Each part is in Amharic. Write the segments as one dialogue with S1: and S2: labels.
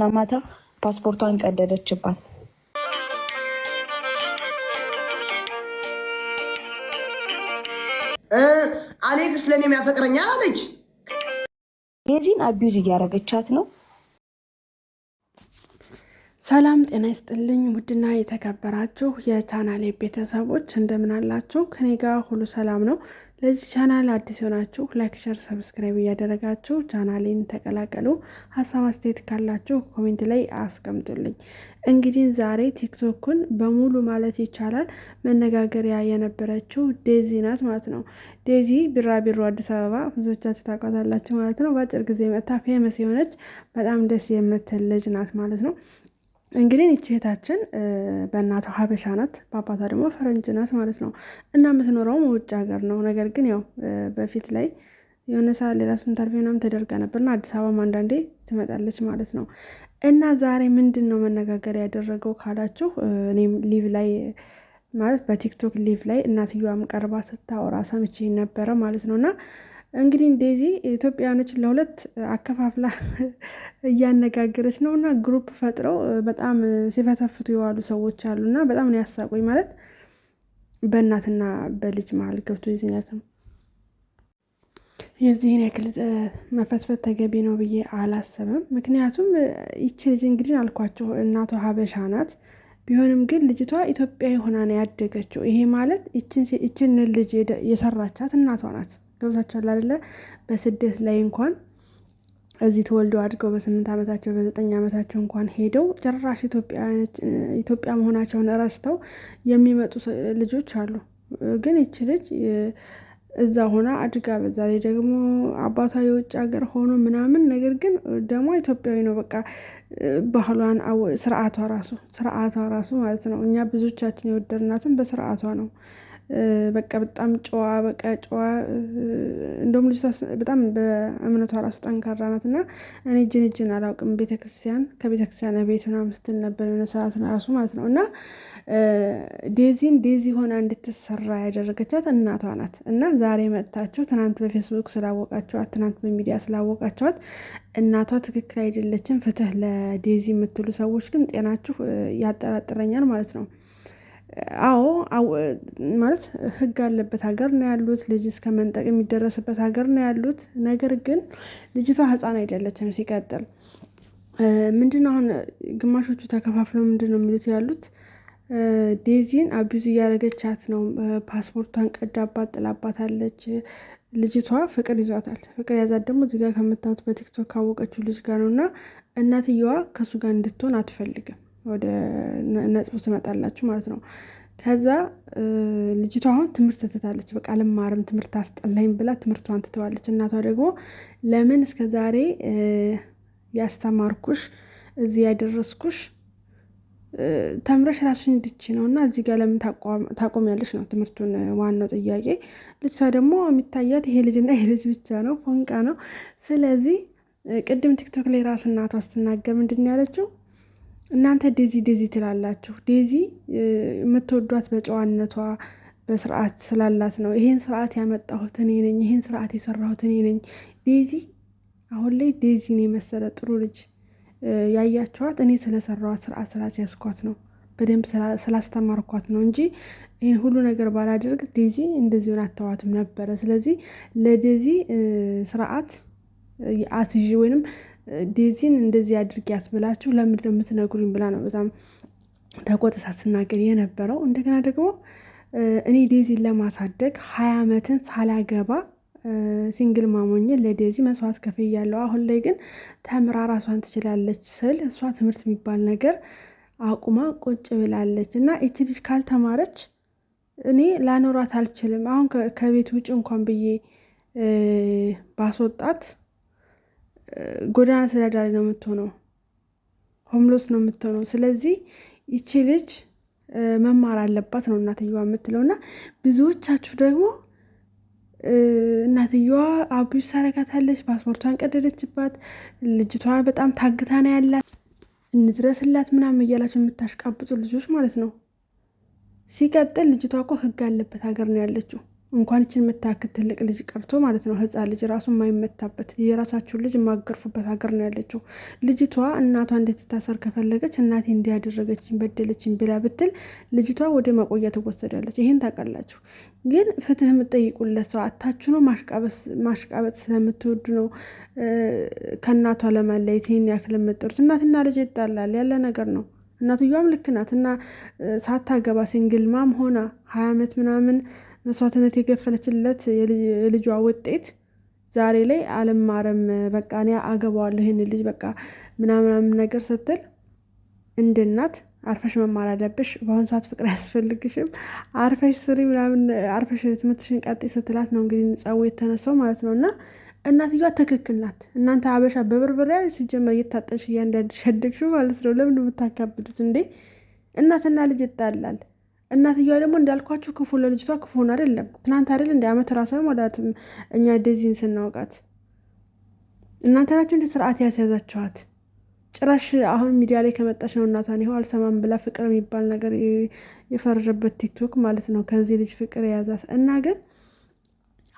S1: ለማታ ፓስፖርቷን ቀደደችባት። አሌክስ ለእኔ የሚያፈቅረኛ አለች። የዚህን አቢዩዝ እያደረገቻት ነው። ሰላም ጤና ይስጥልኝ። ውድና የተከበራችሁ የቻናሌ ቤተሰቦች እንደምን አላችሁ? ከኔ ጋር ሁሉ ሰላም ነው። ለዚህ ቻናል አዲስ የሆናችሁ ላይክ፣ ሸር፣ ሰብስክራይብ እያደረጋችሁ ቻናሌን ተቀላቀሉ። ሀሳብ አስተያየት ካላችሁ ኮሜንት ላይ አስቀምጡልኝ። እንግዲህ ዛሬ ቲክቶክን በሙሉ ማለት ይቻላል መነጋገሪያ የነበረችው ዴዚ ናት ማለት ነው። ዴዚ ቢራቢሮ አዲስ አበባ ብዙዎቻችሁ ታውቋታላችሁ ማለት ነው። በአጭር ጊዜ መታ ፌመስ የሆነች በጣም ደስ የምትል ልጅ ናት ማለት ነው። እንግዲህ ይቺ እህታችን በእናቷ ሀበሻ ናት፣ በአባቷ ደግሞ ፈረንጅ ናት ማለት ነው። እና የምትኖረውም ውጭ ሀገር ነው። ነገር ግን ያው በፊት ላይ የሆነ ሰዓት ሌላ ኢንተርቪው ምናምን ተደርጋ ነበርና አዲስ አበባም አንዳንዴ ትመጣለች ማለት ነው። እና ዛሬ ምንድን ነው መነጋገር ያደረገው ካላችሁ እኔም ሊቭ ላይ ማለት በቲክቶክ ሊቭ ላይ እናትየዋም ቀርባ ስታወራ ሰምቼ ነበረ ማለት ነው እና እንግዲህ እንደዚህ ኢትዮጵያውያኖችን ለሁለት አከፋፍላ እያነጋገረች ነው እና ግሩፕ ፈጥረው በጣም ሲፈተፍቱ የዋሉ ሰዎች አሉ እና በጣም ነው ያሳቆኝ። ማለት በእናትና በልጅ መሀል ገብቶ የዚህን ያክል የዚህን ያክል መፈትፈት ተገቢ ነው ብዬ አላሰብም። ምክንያቱም ይቺ ልጅ እንግዲህ አልኳቸው እናቷ ሀበሻ ናት። ቢሆንም ግን ልጅቷ ኢትዮጵያዊ ሆና ነው ያደገችው። ይሄ ማለት ይችን ልጅ የሰራቻት እናቷ ናት። ገብታችኋል አይደለ? በስደት ላይ እንኳን እዚህ ተወልደው አድገው በስምንት ዓመታቸው በዘጠኝ ዓመታቸው እንኳን ሄደው ጭራሽ ኢትዮጵያ መሆናቸውን ረስተው የሚመጡ ልጆች አሉ። ግን ይቺ ልጅ እዛ ሆና አድጋ በዛ ላይ ደግሞ አባቷ የውጭ ሀገር ሆኖ ምናምን፣ ነገር ግን ደግሞ ኢትዮጵያዊ ነው። በቃ ባህሏን፣ ስርዓቷ ራሱ ስርዓቷ ራሱ ማለት ነው። እኛ ብዙዎቻችን የወደድናትን በስርዓቷ ነው። በቃ በጣም ጨዋ በቃ ጨዋ እንደውም ልጅቷ በጣም በእምነቷ ራሱ ጠንካራ ናት እና እኔ እጅን እጅን አላውቅም ቤተክርስቲያን ከቤተክርስቲያን ቤት ምናምን ስትል ነበር የሆነ ሰዓት ራሱ ማለት ነው እና ዴዚን ዴዚ ሆና እንድትሰራ ያደረገቻት እናቷ ናት እና ዛሬ መጥታችሁ ትናንት በፌስቡክ ስላወቃቸዋት ትናንት በሚዲያ ስላወቃቸዋት እናቷ ትክክል አይደለችም ፍትህ ለዴዚ የምትሉ ሰዎች ግን ጤናችሁ ያጠራጥረኛል ማለት ነው አዎ ማለት ህግ አለበት ሀገር ነው ያሉት ልጅ እስከ መንጠቅ የሚደረስበት ሀገር ነው ያሉት። ነገር ግን ልጅቷ ህፃን አይደለችም። ሲቀጥል ምንድነው አሁን ግማሾቹ ተከፋፍለው ነው የሚሉት ያሉት ዴዚን አቢዩዝ እያደረገቻት ነው። ፓስፖርቷን ቀዳባት፣ ጥላባታለች። ልጅቷ ፍቅር ይዟታል። ፍቅር ያዛት ደግሞ እዚጋ ከምታዩት በቲክቶክ ካወቀችው ልጅ ጋር ነው እና እናትየዋ ከእሱ ጋር እንድትሆን አትፈልግም። ወደ ነጥቡ ትመጣላችሁ ማለት ነው። ከዛ ልጅቷ አሁን ትምህርት ትታለች። በቃ ልማርም ትምህርት አስጠላኝ ብላ ትምህርቷን ትተዋለች። እናቷ ደግሞ ለምን እስከ ዛሬ ያስተማርኩሽ እዚህ ያደረስኩሽ ተምረሽ ራስሽን ድች ነው እና እዚህ ጋር ለምን ታቆሚያለሽ ነው ትምህርቱን ዋናው ጥያቄ። ልጅቷ ደግሞ የሚታያት ይሄ ልጅና ይሄ ልጅ ብቻ ነው፣ ፎንቃ ነው። ስለዚህ ቅድም ቲክቶክ ላይ ራሱ እናቷ ስትናገር ምንድን ያለችው እናንተ ዴዚ ዴዚ ትላላችሁ። ዴዚ የምትወዷት በጨዋነቷ በስርዓት ስላላት ነው። ይሄን ስርዓት ያመጣሁት እኔ ነኝ፣ ይሄን ስርዓት የሰራሁት እኔ ነኝ። ዴዚ አሁን ላይ ዴዚን የመሰለ ጥሩ ልጅ ያያቸዋት እኔ ስለሰራዋት ስርዓት ስላስያዝኳት ነው፣ በደንብ ስላስተማርኳት ነው እንጂ ይህን ሁሉ ነገር ባላደርግ ዴዚ እንደዚሁን አተዋትም ነበረ። ስለዚህ ለዴዚ ስርዓት አስይዤ ወይንም ዴዚን እንደዚህ አድርጊያት ብላችሁ ለምንድን ነው የምትነግሩኝ ብላ ነው በጣም ተቆጥታ ስናገር የነበረው። እንደገና ደግሞ እኔ ዴዚን ለማሳደግ ሀያ ዓመትን ሳላገባ ሲንግል ማሞኝ ለዴዚ መስዋዕት ያለው አሁን ላይ ግን ተምራ ራሷን ትችላለች ስል እሷ ትምህርት የሚባል ነገር አቁማ ቁጭ ብላለች እና ይቺ ልጅ ካልተማረች እኔ ላኖራት አልችልም። አሁን ከቤት ውጭ እንኳን ብዬ ባስወጣት ጎዳና ተዳዳሪ ነው የምትሆነው፣ ሆምሎስ ነው የምትሆነው። ስለዚህ ይቺ ልጅ መማር አለባት ነው እናትየዋ የምትለው። እና ብዙዎቻችሁ ደግሞ እናትየዋ አቢዩዝ ታረጋታለች፣ ፓስፖርቷን ቀደደችባት፣ ልጅቷ በጣም ታግታ ነው ያላት፣ እንድረስላት ምናምን እያላችሁ የምታሽቃብጡ ልጆች ማለት ነው። ሲቀጥል ልጅቷ እኮ ህግ ያለበት ሀገር ነው ያለችው። እንኳን ችን የምታክል ትልቅ ልጅ ቀርቶ ማለት ነው ህፃን ልጅ ራሱ የማይመታበት የራሳችሁን ልጅ የማገርፉበት ሀገር ነው ያለችው። ልጅቷ እናቷ እንድትታሰር ከፈለገች እናቴ እንዲያደረገችን በደለችን ብላ ብትል ልጅቷ ወደ ማቆያ ትወሰዳለች። ይሄን ታውቃላችሁ። ግን ፍትህ የምጠይቁለት ሰው አታችሁ ነው። ማሽቃበጥ ስለምትወዱ ነው ከእናቷ ለማለየት ይህን ያክል የምጥሩት። እናትና ልጅ ይጣላል ያለ ነገር ነው። እናትየዋም ልክ ናት እና ሳታገባ ሲንግል ማም ሆና ሀያ ዓመት ምናምን መስዋዕትነት የከፈለችለት የልጇ ውጤት ዛሬ ላይ አልማረም በቃ እኔ አገባዋለሁ ይህን ልጅ በቃ ምናምናም ነገር ስትል እንድናት አርፈሽ መማር አለብሽ፣ በአሁኑ ሰዓት ፍቅር አያስፈልግሽም፣ አርፈሽ ስሪ ምናምን አርፈሽ ትምህርትሽን ቀጥይ ስትላት ነው እንግዲህ ጸቡ የተነሳው ማለት ነው። እና እናትዮዋ ትክክል ናት። እናንተ አበሻ በብርብሪያ ሲጀመር እየታጠንሽ እያንዳንድ ሸደግሽ ማለት ነው። ለምን የምታካብዱት እንዴ? እናትና ልጅ ይጣላል። እናትየዋ ደግሞ እንዳልኳችሁ ክፉ ለልጅቷ ክፉን አይደለም። ትናንት አይደል እንደ አመት ራሷ ወዳትም እኛ ደዚህን ስናውቃት እናንተ ናችሁ እንደ ስርዓት ያስያዛችኋት። ጭራሽ አሁን ሚዲያ ላይ ከመጣች ነው እናቷን ይኸው አልሰማም ብላ ፍቅር የሚባል ነገር የፈረደበት ቲክቶክ ማለት ነው። ከዚህ ልጅ ፍቅር የያዛት እና ግን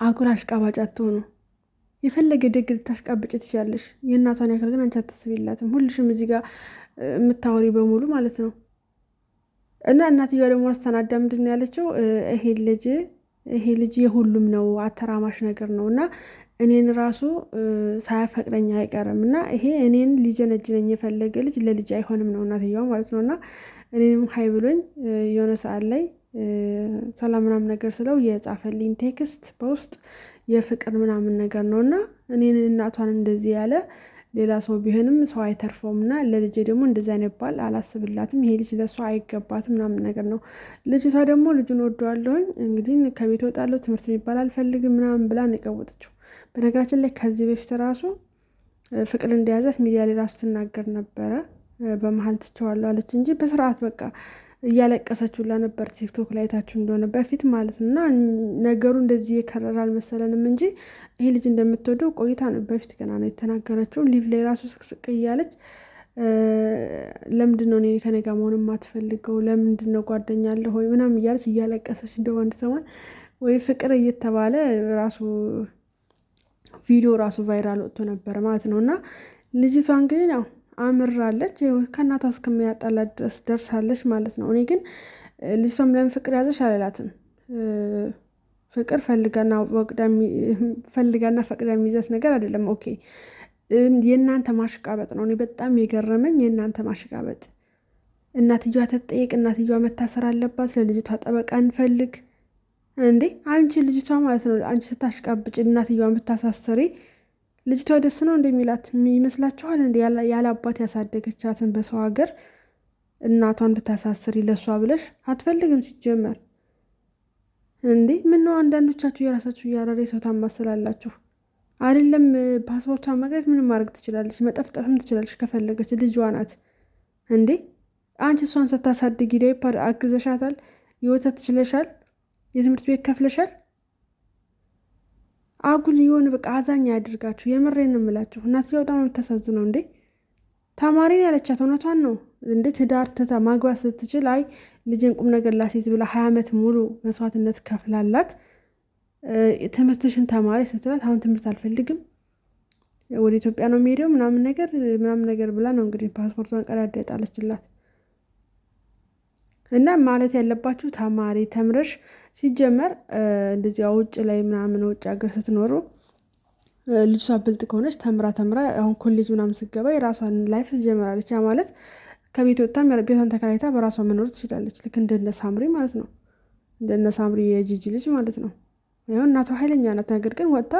S1: አጉር አሽቃባጭ አትሆኑ። የፈለገ ደግ ልታሽቃብጭ ትችላለሽ። የእናቷን ያክል ግን አንቺ አታስቢላትም። ሁልሽም እዚህ ጋር የምታወሪ በሙሉ ማለት ነው እና እናትዮዋ ደግሞ አስተናዳ ምንድን ነው ያለችው? ይሄ ልጅ ይሄ ልጅ የሁሉም ነው፣ አተራማሽ ነገር ነው እና እኔን ራሱ ሳያፈቅረኝ አይቀርም እና ይሄ እኔን ሊጀነጅነኝ የፈለገ ልጅ ለልጅ አይሆንም ነው እናትየዋ ማለት ነው። እና እኔንም ሀይ ብሎኝ የሆነ ሰዓት ላይ ሰላም ምናምን ነገር ስለው የጻፈልኝ ቴክስት በውስጥ የፍቅር ምናምን ነገር ነው እና እኔን እናቷን እንደዚህ ያለ ሌላ ሰው ቢሆንም ሰው አይተርፈውም እና ለልጄ ደግሞ እንደዛ ይባል አላስብላትም፣ ይሄ ልጅ ለእሷ አይገባትም ምናምን ነገር ነው። ልጅቷ ደግሞ ልጁን ወደዋለሁኝ እንግዲህ ከቤት ወጣለሁ ትምህርት የሚባል አልፈልግም ምናምን ብላ የቀወጠችው። በነገራችን ላይ ከዚህ በፊት ራሱ ፍቅር እንደያዛት ሚዲያ ላይ ራሱ ትናገር ነበረ። በመሀል ትቸዋለሁ አለች እንጂ በስርዓት በቃ እያለቀሰች ሁላ ነበር። ቲክቶክ ላይ አይታችሁ እንደሆነ በፊት ማለት እና ነገሩ እንደዚህ የከረረ አልመሰለንም እንጂ ይሄ ልጅ እንደምትወደው ቆይታ ነው። በፊት ገና ነው የተናገረችው። ሊቭ ላይ ራሱ ስቅስቅ እያለች ለምንድን ነው እኔ ጋር መሆን የማትፈልገው ለምንድን ነው ጓደኛ አለ ሆይ ምናምን እያለች እያለቀሰች እንደ ወንድ ሰማን ወይ ፍቅር እየተባለ ራሱ ቪዲዮ ራሱ ቫይራል ወጥቶ ነበር ማለት ነው እና ልጅቷን ግን ያው አምራለች ከእናቷ እስከሚያጣላ ድረስ ደርሳለች ማለት ነው። እኔ ግን ልጅቷም ለምን ፍቅር ያዘች አላላትም። ፍቅር ፈልጋና ፈቅዳ የሚይዘት ነገር አይደለም። ኦኬ የእናንተ ማሽቃበጥ ነው። እኔ በጣም የገረመኝ የእናንተ ማሽቃበጥ። እናትዮዋ ትጠየቅ፣ እናትየዋ መታሰር አለባት። ለልጅቷ ጠበቃ እንፈልግ እንዴ! አንቺ ልጅቷ ማለት ነው አንቺ ስታሽቃብጭ እናትየዋን ብታሳስሪ ልጅቷ ደስ ነው እንደሚላት ይመስላችኋል? እንደ ያለ አባት ያሳደገቻትን በሰው ሀገር እናቷን ብታሳስር ይለሷ ብለሽ አትፈልግም ሲጀመር። እንዴ ምን ነው አንዳንዶቻችሁ የራሳችሁ እያረረ ሰው ታማስላላችሁ። አይደለም ፓስፖርቷን መቅረት ምንም ማድረግ ትችላለች፣ መጠፍጠፍም ትችላለች ከፈለገች። ልጇ ናት እንዴ። አንቺ እሷን ስታሳድጊ ዳይፐር አግዘሻታል፣ የወተት ትችለሻል፣ የትምህርት ቤት ከፍለሻል። አጉል የሆነ በቃ አዛኝ ያድርጋችሁ። የምሬን እምላችሁ እናትየው በጣም የምታሳዝነው እንዴ። ተማሪን ያለቻት እውነቷን ነው እንዴ። ትዳር ትታ ማግባት ስትችል አይ ልጅን ቁም ነገር ላሲዝ ብላ ሀያ ዓመት ሙሉ መስዋዕትነት ከፍላላት ትምህርትሽን ተማሪ ስትላት አሁን ትምህርት አልፈልግም ወደ ኢትዮጵያ ነው የሚሄደው ምናምን ነገር ምናምን ነገር ብላ ነው እንግዲህ ፓስፖርቷን ቀዳዳ የጣለችላት። እና ማለት ያለባችሁ ተማሪ ተምረሽ ሲጀመር እንደዚያ ውጭ ላይ ምናምን ውጭ ሀገር ስትኖሩ ልጅቷ ብልጥ ከሆነች ተምራ ተምራ አሁን ኮሌጅ ምናምን ስትገባ የራሷን ላይፍ ትጀምራለች። ያ ማለት ከቤት ወጥታም ቤቷን ተከራይታ በራሷ መኖር ትችላለች። ልክ እንደነ ሳምሪ ማለት ነው። እንደነ ሳምሪ የጂጂ ልጅ ማለት ነው። ይሁን እናቷ ኃይለኛ ናት። ነገር ግን ወጥታ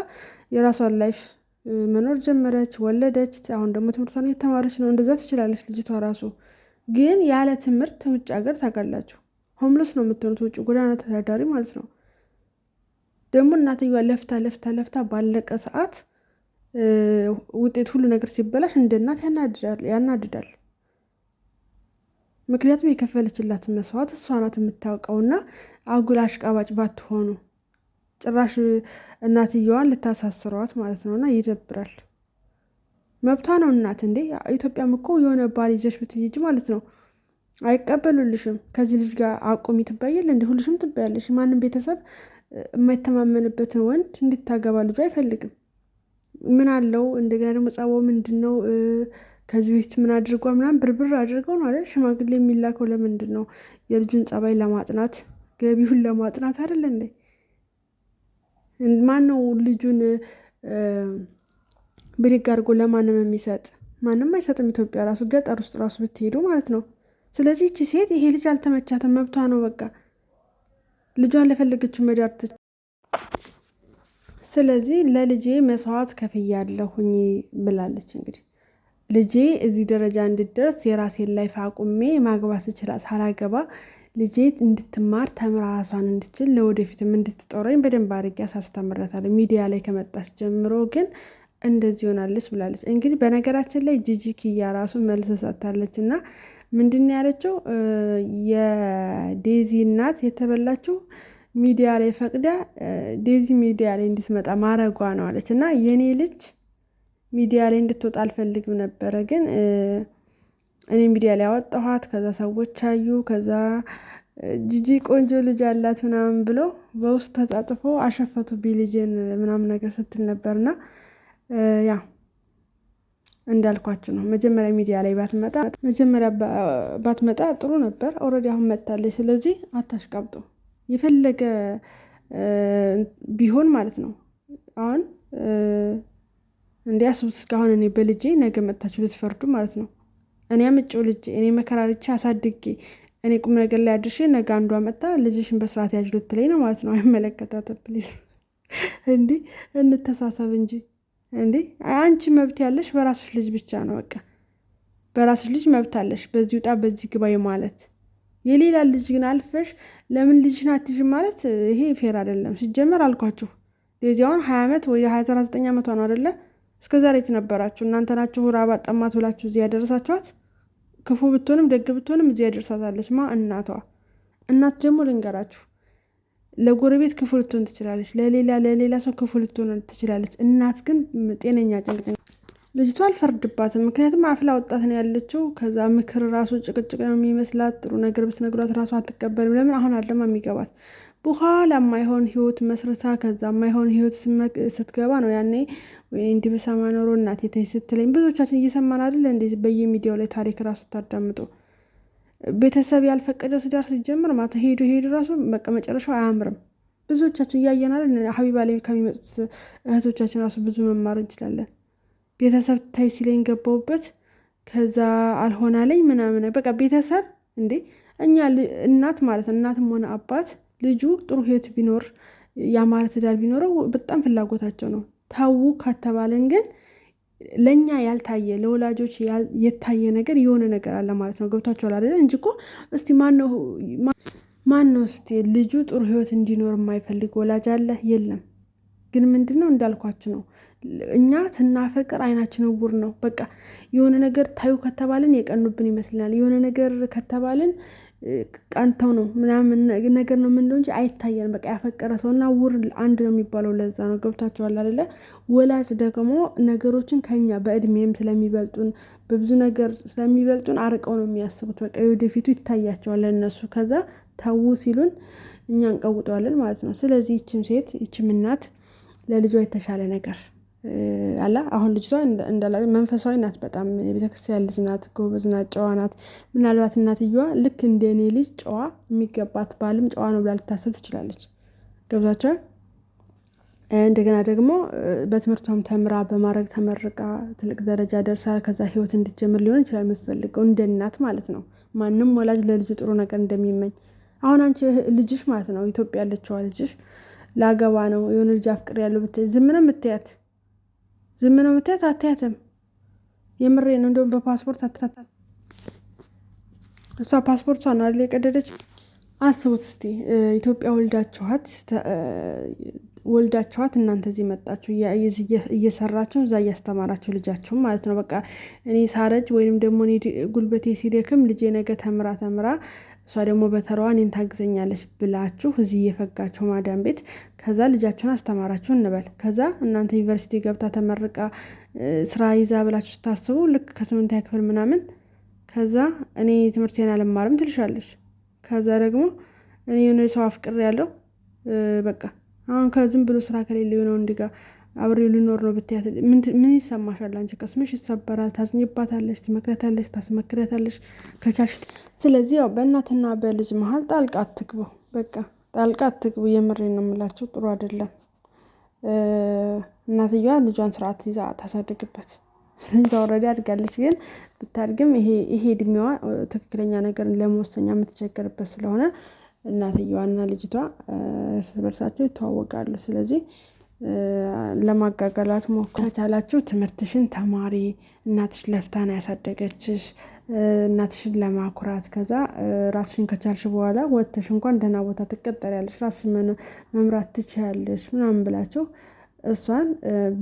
S1: የራሷን ላይፍ መኖር ጀመረች፣ ወለደች። አሁን ደግሞ ትምህርቷን እየተማረች ነው። እንደዛ ትችላለች ልጅቷ ራሱ ግን ያለ ትምህርት ውጭ ሀገር ታውቃላችሁ፣ ሆምለስ ነው የምትሆኑት፣ ውጭ ጎዳና ተዳዳሪ ማለት ነው። ደግሞ እናትየዋ ለፍታ ለፍታ ለፍታ ባለቀ ሰዓት ውጤት ሁሉ ነገር ሲበላሽ እንደ እናት ያናድዳል። ምክንያቱም የከፈለችላት መስዋዕት እሷ ናት የምታውቀውና አጉል አሽቃባጭ ባትሆኑ ጭራሽ እናትየዋን ልታሳስሯት ማለት ነውና ይደብራል። መብቷ ነው እናት እንዴ ኢትዮጵያም እኮ የሆነ ባል ይዘሽ ብትይጅ ማለት ነው አይቀበሉልሽም ከዚህ ልጅ ጋር አቁሚ ትባያል እንዲ ሁልሽም ትባያለሽ ማንም ቤተሰብ የማይተማመንበትን ወንድ እንድታገባ ልጁ አይፈልግም ምን አለው እንደገና ደግሞ ጸቦ ምንድን ነው ከዚህ በፊት ምን አድርጓ ምናም ብርብር አድርገው ነው አይደል ሽማግሌ የሚላከው ለምንድን ነው የልጁን ጸባይ ለማጥናት ገቢውን ለማጥናት አይደለ እንዴ ማን ነው ልጁን ብድግ አድርጎ ለማንም የሚሰጥ ማንም አይሰጥም። ኢትዮጵያ ራሱ ገጠር ውስጥ ራሱ ብትሄዱ ማለት ነው። ስለዚህ እቺ ሴት ይሄ ልጅ አልተመቻትም፣ መብቷ ነው። በቃ ልጇን ለፈለገችው መዳር ስለዚህ ለልጄ መስዋዕት ከፍያለሁኝ ብላለች። እንግዲህ ልጄ እዚህ ደረጃ እንድደርስ የራሴን ላይፍ አቁሜ ማግባት ስችላት ሳላገባ ልጄ እንድትማር ተምራ ራሷን እንድችል ለወደፊትም እንድትጦረኝ በደንብ አድርጌ አሳስተምረታለሁ። ሚዲያ ላይ ከመጣች ጀምሮ ግን እንደዚህ ሆናለች ብላለች። እንግዲህ በነገራችን ላይ ጂጂ ኪያ ራሱ መልስ ሰጥታለች እና ምንድን ያለችው የዴዚ እናት የተበላችው ሚዲያ ላይ ፈቅዳ ዴዚ ሚዲያ ላይ እንድትመጣ ማረጓ ነው አለች እና የኔ ልጅ ሚዲያ ላይ እንድትወጣ አልፈልግም ነበረ፣ ግን እኔ ሚዲያ ላይ አወጣኋት። ከዛ ሰዎች አዩ። ከዛ ጂጂ ቆንጆ ልጅ አላት ምናምን ብሎ በውስጥ ተጻጽፎ አሸፈቱ ቢልጅን ምናምን ነገር ስትል ነበርና ያ እንዳልኳችሁ ነው። መጀመሪያ ሚዲያ ላይ ባትመጣ መጀመሪያ ባትመጣ ጥሩ ነበር። ኦልሬዲ አሁን መጥታለች። ስለዚህ አታሽቃብጡ። የፈለገ ቢሆን ማለት ነው። አሁን እንዲያስቡት እስካሁን እኔ በልጄ ነገ መጥታችሁ ልትፈርዱ ማለት ነው። እኔ አምጪው ልጄ እኔ መከራርቼ አሳድጌ እኔ ቁም ነገር ላይ አድርሼ ነገ አንዷ መጣ ልጅሽን በስርዓት ያዥ ልትለኝ ነው ማለት ነው። አይመለከታትም። ፕሊዝ እንዲህ እንተሳሰብ እንጂ እንዴ አንቺ መብት ያለሽ በራስሽ ልጅ ብቻ ነው። በቃ በራስሽ ልጅ መብት አለሽ፣ በዚህ ውጣ፣ በዚህ ግባይ ማለት። የሌላ ልጅ ግን አልፈሽ ለምን ልጅሽን አትይዥም ማለት ይሄ ፌር አይደለም። ሲጀመር አልኳችሁ የዚያውን ሀያ ዓመት ወይ ሀያ አስራ ዘጠኝ ዓመቷ ነው አይደለ? እስከ ዛሬ የተነበራችሁ እናንተ ናችሁ ራባ ጠማት ብላችሁ እዚህ ያደረሳችኋት። ክፉ ብትሆንም ደግ ብትሆንም እዚህ ያደርሳታለች ማ እናቷ። እናት ደግሞ ልንገራችሁ ለጎረቤት ክፉ ልትሆን ትችላለች፣ ለሌላ ለሌላ ሰው ክፉ ልትሆን ትችላለች። እናት ግን ጤነኛ ጭንቅጭ ልጅቷ አልፈርድባትም። ምክንያቱም አፍላ ወጣት ነው ያለችው። ከዛ ምክር ራሱ ጭቅጭቅ ነው የሚመስላት። ጥሩ ነገር ብትነግሯት ራሱ አትቀበልም። ለምን አሁን አለማ የሚገባት በኋላ ማይሆን ህይወት መስርታ ከዛ ማይሆን ህይወት ስትገባ ነው ያኔ ወይ እንዲህ በሰማ ኖሮ እናቴ ስትለኝ ብዙዎቻችን እየሰማን አይደል እንዴ በየሚዲያው ላይ ታሪክ ራሱ ታዳምጡ ቤተሰብ ያልፈቀደው ትዳር ሲጀምር ማለት ሄዱ ሄዱ ራሱ በቃ መጨረሻው አያምርም። ብዙዎቻችን እያየናል። ሀቢባ ላይ ከሚመጡት እህቶቻችን ራሱ ብዙ መማር እንችላለን። ቤተሰብ ታይ ሲለኝ ገባሁበት፣ ከዛ አልሆናለኝ ምናምን በቃ ቤተሰብ እንዴ እኛ እናት ማለት ነው እናትም ሆነ አባት ልጁ ጥሩ ህይወት ቢኖር ያማረ ትዳር ቢኖረው በጣም ፍላጎታቸው ነው። ተዉ ካተባለን ግን ለእኛ ያልታየ ለወላጆች የታየ ነገር የሆነ ነገር አለ ማለት ነው። ገብቷቸዋል አይደለ? እንጂ እኮ እስቲ ማን ነው እስቲ ልጁ ጥሩ ህይወት እንዲኖር የማይፈልግ ወላጅ አለ? የለም። ግን ምንድን ነው እንዳልኳችሁ ነው። እኛ ስናፈቅር አይናችን እውር ነው። በቃ የሆነ ነገር ታዩ ከተባልን የቀኑብን ይመስልናል። የሆነ ነገር ከተባልን ቀንተው ነው ምናምን ነገር ነው ምንደ እንጂ አይታየንም። በቃ ያፈቀረ ሰውና ውር አንድ ነው የሚባለው ለዛ ነው። ገብታችኋል አይደለ? ወላጅ ደግሞ ነገሮችን ከኛ በእድሜም ስለሚበልጡን በብዙ ነገር ስለሚበልጡን አርቀው ነው የሚያስቡት። በቃ የወደፊቱ ይታያቸዋል እነሱ። ከዛ ተዉ ሲሉን እኛ እንቀውጠዋለን ማለት ነው። ስለዚህ ይችም ሴት ይችም እናት ለልጇ የተሻለ ነገር አለ አሁን ልጅቷ እንዳላ መንፈሳዊ ናት። በጣም የቤተክርስቲያን ልጅ ናት፣ ጎበዝ ናት፣ ጨዋ ናት። ምናልባት እናትየዋ ልክ እንደ እኔ ልጅ ጨዋ የሚገባት ባልም ጨዋ ነው ብላ ልታስብ ትችላለች። ገብቷቸዋል። እንደገና ደግሞ በትምህርቷም ተምራ በማድረግ ተመርቃ ትልቅ ደረጃ ደርሳ ከዛ ህይወት እንድትጀምር ሊሆን ይችላል የምትፈልገው እንደ እናት ማለት ነው። ማንም ወላጅ ለልጁ ጥሩ ነገር እንደሚመኝ አሁን አንቺ ልጅሽ ማለት ነው ኢትዮጵያ ያለችዋ ልጅሽ ላገባ ነው የሆነ ልጅ አፍቅር ያለው ብታይ ዝም ነው የምትያት ዝም ነው የምታያት አታያትም። የምሬ ነው። እንደውም በፓስፖርት አታታ እሷ ፓስፖርቷ ነው አለ የቀደደች። አስቡት እስቲ ኢትዮጵያ ወልዳችኋት ወልዳችኋት እናንተ እዚህ መጣችሁ እየሰራችሁ እዛ እያስተማራችሁ ልጃችሁም ማለት ነው። በቃ እኔ ሳረጅ ወይንም ደግሞ ጉልበቴ ሲደክም ልጄ ነገ ተምራ ተምራ እሷ ደግሞ በተራዋ እኔን ታግዘኛለች ብላችሁ እዚህ እየፈጋችሁ ማዳም ቤት ከዛ ልጃችሁን አስተማራችሁ እንበል። ከዛ እናንተ ዩኒቨርሲቲ ገብታ ተመርቃ ስራ ይዛ ብላችሁ ስታስቡ ልክ ከስምንታ ክፍል ምናምን ከዛ እኔ ትምህርቴን አልማርም ትልሻለች። ከዛ ደግሞ እኔ የሆነ ሰው አፍቅር ያለው በቃ አሁን ከዝም ብሎ ስራ ከሌለ የሆነው እንዲጋ አብሬው ልኖር ነው ብትያት ምን ይሰማሻል? አንቺ ቀስምሽ ይሰበራል፣ ታዝኝባታለሽ፣ ትመክረታለሽ፣ ታስመክረታለሽ ከቻሽ። ስለዚህ ያው በእናትና በልጅ መሀል ጣልቃ አትግቡ፣ በቃ ጣልቃ አትግቡ። የምሬ ነው የምላቸው፣ ጥሩ አይደለም። እናትየዋ ልጇን ስርዓት ይዛ ታሳድግበት። ይዛ ወረዳ አድጋለች፣ ግን ብታድግም ይሄ እድሜዋ ትክክለኛ ነገር ለመወሰኛ የምትቸገርበት ስለሆነ እናትየዋና ልጅቷ እርስ በርሳቸው ይተዋወቃሉ። ስለዚህ ለማጋገላት ሞክሩ። ከቻላችሁ ትምህርትሽን ተማሪ፣ እናትሽ ለፍታን ያሳደገችሽ፣ እናትሽን ለማኩራት። ከዛ ራስሽን ከቻልሽ በኋላ ወጥተሽ እንኳን ደህና ቦታ ትቀጠሪያለሽ፣ ራስሽን መምራት ትችያለሽ ምናምን ብላችሁ እሷን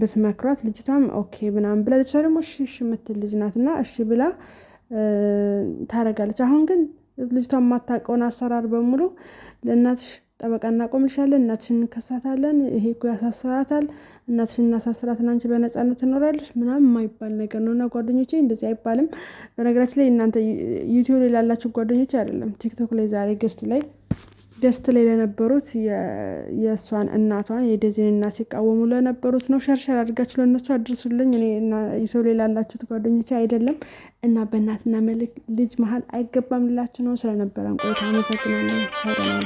S1: ብትመክሯት ልጅቷም ኦኬ ምናምን ብላ ልጅቷ ደግሞ እሺ እሺ የምትል ልጅ ናት እና እሺ ብላ ታረጋለች። አሁን ግን ልጅቷ የማታውቀውን አሰራር በሙሉ ለእናትሽ ጠበቃ እናቆምልሻለን፣ እናትሽን እንከሳታለን፣ ይሄ እኮ ያሳስራታል፣ እናትሽን እናሳስራትን፣ አንቺ በነፃነት ትኖራለች ምናምን የማይባል ነገር ነው። እና ጓደኞቼ እንደዚህ አይባልም። በነገራችን ላይ እናንተ ዩቲዩብ ላይ ላላችሁ ጓደኞች አይደለም ቲክቶክ ላይ ዛሬ ገስት ላይ ገስት ላይ ለነበሩት የእሷን እናቷን የደዚን እናት ሲቃወሙ ለነበሩት ነው። ሸርሸር አድርጋችሁ ለእነሱ አድርሱልኝ። እኔ ሰው ላይ ላላችሁት ጓደኞች አይደለም እና በእናትና መልክ ልጅ መሀል አይገባም ልላችሁ ነው። ስለነበረን ቆይታ አመሰግናለሁ።